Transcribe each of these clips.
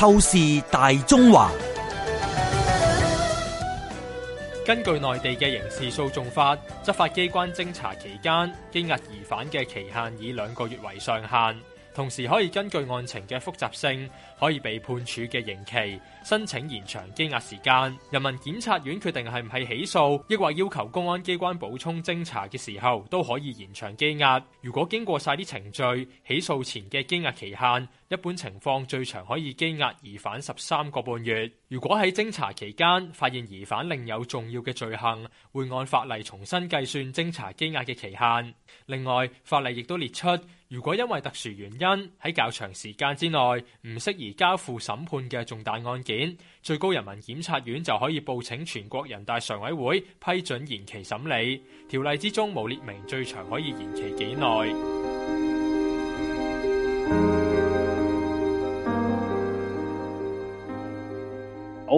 透視大中華。根據內地嘅刑事訴訟法，執法機關偵查期間羈押疑犯嘅期限以兩個月為上限，同時可以根據案情嘅複雜性，可以被判處嘅刑期申請延長羈押時間。人民檢察院決定係唔係起訴，抑或要求公安機關補充偵查嘅時候，都可以延長羈押。如果經過晒啲程序，起訴前嘅羈押期限，一般情況最長可以羈押疑犯十三個半月。如果喺偵查期間發現疑犯另有重要嘅罪行，會按法例重新計算偵查羈押嘅期限。另外，法例亦都列出，如果因為特殊原因喺較長時間之內唔適宜交付審判嘅重大案件，最高人民檢察院就可以報請全國人大常委會批准延期審理。條例之中冇列明最長可以延期幾耐。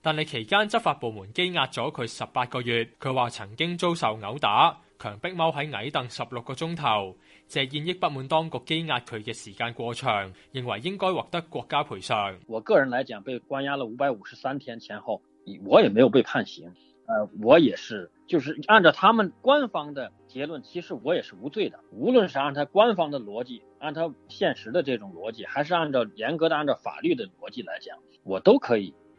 但係期間執法部門羈押咗佢十八個月，佢話曾經遭受毆打，強迫踎喺矮凳十六個鐘頭。謝燕益不滿當局羈押佢嘅時間過長，認為應該獲得國家賠償。我個人來講，被關押了五百五十三天前後，我也沒有被判刑。呃，我也是，就是按照他們官方的結論，其實我也是無罪的。無論是按照他官方的邏輯，按照他現實的這種邏輯，還是按照嚴格的按照法律的邏輯來講，我都可以。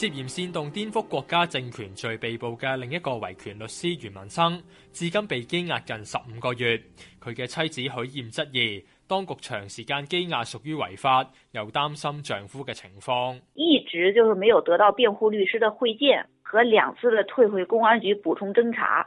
涉嫌煽動顛覆國家政權罪被捕嘅另一個維權律師余文生，至今被羈押近十五個月。佢嘅妻子許艷質疑，當局長時間羈押屬於違法，又擔心丈夫嘅情況。一直就是沒有得到辯護律師嘅會見，和兩次的退回公安局補充偵查。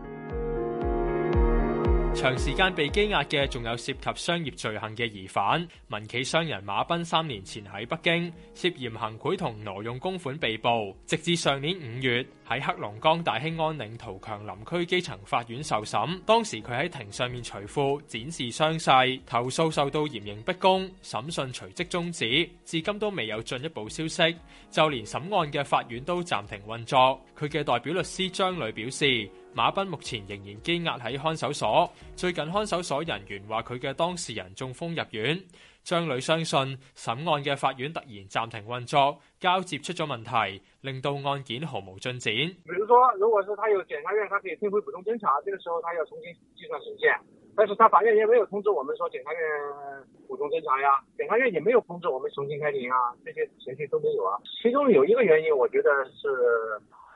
長時間被羈押嘅，仲有涉及商業罪行嘅疑犯，民企商人馬斌三年前喺北京涉嫌行賄同挪用公款被捕，直至上年五月喺黑龍江大興安嶺圖強林區基層法院受審。當時佢喺庭上面除褲展示傷勢，投訴受到嚴刑逼供，審訊隨即終止，至今都未有進一步消息，就連審案嘅法院都暫停運作。佢嘅代表律師張磊表示。馬斌目前仍然羈押喺看守所，最近看守所人員話佢嘅當事人中風入院。張磊相信，審案嘅法院突然暫停運作，交接出咗問題，令到案件毫無進展。比如說，如果是他有檢察院，他可以退回補充偵查，這個時候他要重新計算審限，但是他法院也沒有通知我們說檢察院補充偵查呀、啊，檢察院也沒有通知我們重新開庭啊，這些程序都沒有啊。其中有一個原因，我覺得是。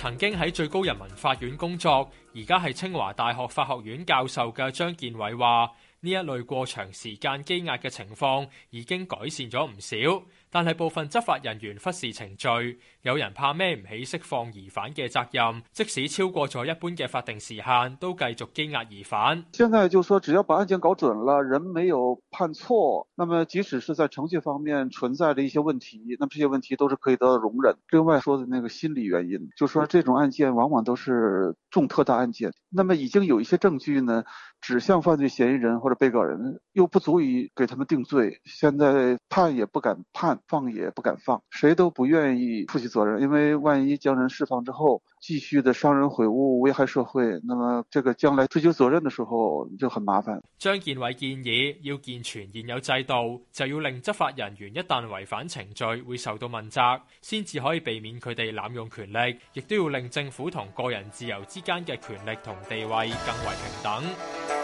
曾經喺最高人民法院工作，而家係清華大學法學院教授嘅張建偉話：呢一類過長時間羈押嘅情況已經改善咗唔少。但係部分執法人員忽視程序，有人怕孭唔起釋放疑犯嘅責任，即使超過咗一般嘅法定時限，都繼續羈押疑犯。現在就說只要把案件搞準了，人沒有判錯，那麼即使是在程序方面存在的一些問題，那麼這些問題都是可以得到容忍。另外說的那個心理原因，就說這種案件往往都是重特大案件，那麼已經有一些證據呢指向犯罪嫌疑人或者被告人，又不足以給他們定罪，現在判也不敢判。放也不敢放，誰都不願意負起責任，因為萬一將人釋放之後，繼續的傷人毀物，危害社會，那麼這個將來追究責任的時候就很麻煩。張建偉建議，要健全現有制度，就要令執法人員一旦違反程序會受到問責，先至可以避免佢哋濫用權力，亦都要令政府同個人自由之間嘅權力同地位更為平等。